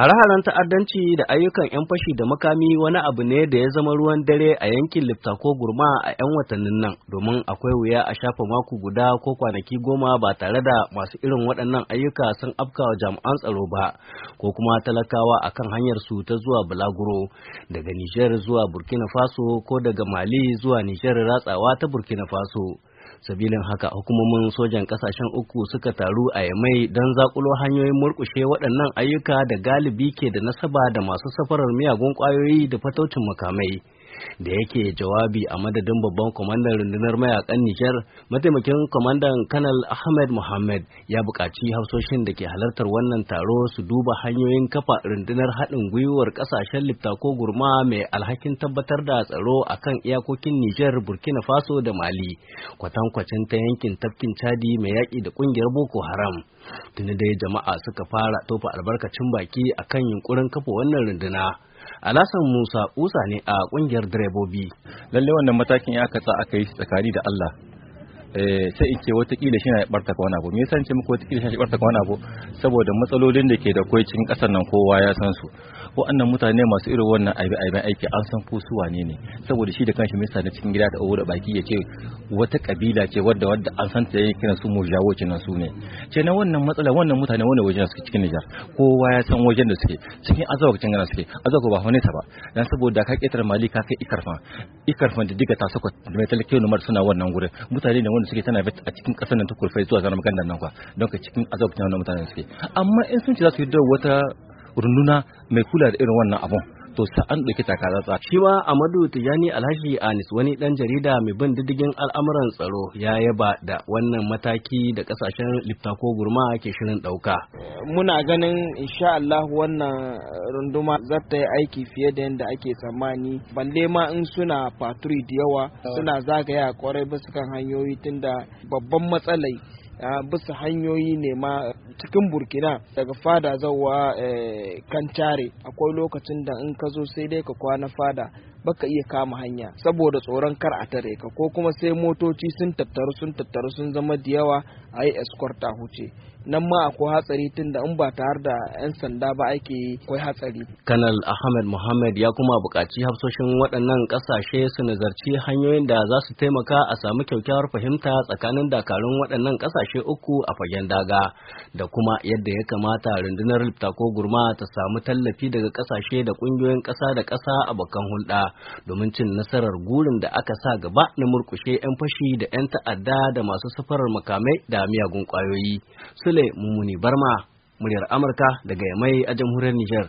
Hare-haren ta'addanci da ayyukan 'yan fashi da makami wani abu ne da ya zama ruwan dare a yankin Lifta ko Gurma a 'yan watannin nan, domin akwai wuya a shafa mako guda ko kwanaki goma ba tare da masu irin waɗannan ayyuka sun afkawa jami'an tsaro ba, ko kuma talakawa a kan hanyarsu ta zuwa Bulaguro, daga Nijar zuwa Burkina Faso ko daga Mali zuwa Nijar ratsawa ta Burkina Faso. Sabilin haka hukumomin sojan kasashen uku suka taru a yamai don zakulo hanyoyin murkushe waɗannan ayyuka da galibi ke da nasaba da masu safarar miyagun ƙwayoyi da fataucin makamai. da yake jawabi a madadin babban kwamandan rundunar mayakan Nijar mataimakin kwamandan Kanal Ahmed Mohammed ya buƙaci hausoshin da ke halartar wannan taro su duba hanyoyin kafa rundunar haɗin gwiwar ƙasashen ko gurma mai alhakin tabbatar da tsaro a kan iyakokin Nijar Burkina Faso da Mali kwatankwacin ta yankin tafkin Chadi mai yaƙi da ƙungiyar Boko Haram. Tuni dai jama'a suka fara tofa albarkacin baki akan yunkurin kafa wannan runduna. alasan musa usa ne a kungiyar direbobi lalle wannan matakin ya katsa aka yi tsakani da allah eh, sai in ce watakila shi na barta wani abu me yasa in ce muku watakila shi na barta wani abu saboda matsalolin da ke da kwai cikin kasar nan kowa ya san su waɗannan mutane masu irin wannan aibe-aiben aiki an san ko su wane ne saboda shi da kanshi minista na cikin gida da owo da baki ya ce wata kabila ce wadda wadda an san ta yayin kiran su jawo ce su ne ce na wannan matsala wannan mutane wannan wajen suke cikin Nijar kowa ya san wajen da suke cikin azawa cikin gana suke azawa ba hone ta ba dan saboda ka ketar mali ka kai ikarfan ikarfan da diga ta sako da mai talakiyar numar suna wannan gurin mutane ne wanda suke tana a cikin kasar nan ta kurfai zuwa zanen magandan nan kwa don ka cikin azawa cikin wannan mutane suke amma in sun ce za su yi da wata runduna mai kula da irin wannan abun to sa an ɗauki takatsatsa. Shi ma Amadu Tijani Alhaji Anis wani ɗan jarida mai bin diddigin al'amuran tsaro ya yaba da wannan mataki da ƙasashen lifta ko gurma ke shirin ɗauka. Muna ganin insha Allah wannan runduma za ta yi aiki fiye da yadda ake tsammani balle ma in suna faturi da yawa suna zagaya kwarai ba kan hanyoyi tunda babban matsalai bisa hanyoyi ne ma cikin burkina daga fada zauwa eh, kancare akwai lokacin da in ka zo sai dai ka kwana fada baka iya kama hanya saboda tsoron kar a tare ka ko kuma sai motoci sun tattaru sun tattaru sun zama da yawa a yi escort huce nan ma akwai hatsari tun da in ba tare da 'yan sanda ba ake yi akwai hatsari. kanal ahmed muhammad ya kuma buƙaci hafsoshin waɗannan ƙasashe su nazarci hanyoyin da za su taimaka a samu kyaukyawar fahimta tsakanin dakarun waɗannan ƙasashe uku a fagen daga da kuma yadda ya kamata rundunar lipta ko gurma ta samu tallafi daga ƙasashe da ƙungiyoyin ƙasa da ƙasa a bakan hulɗa domin cin nasarar gurin da aka sa gaba na murkushe 'yan fashi da 'yan ta'adda da masu safarar makamai da miyagun kwayoyi Sule Mumuni Barma, muryar Amurka daga Yamai a jamhuriyar Nijar.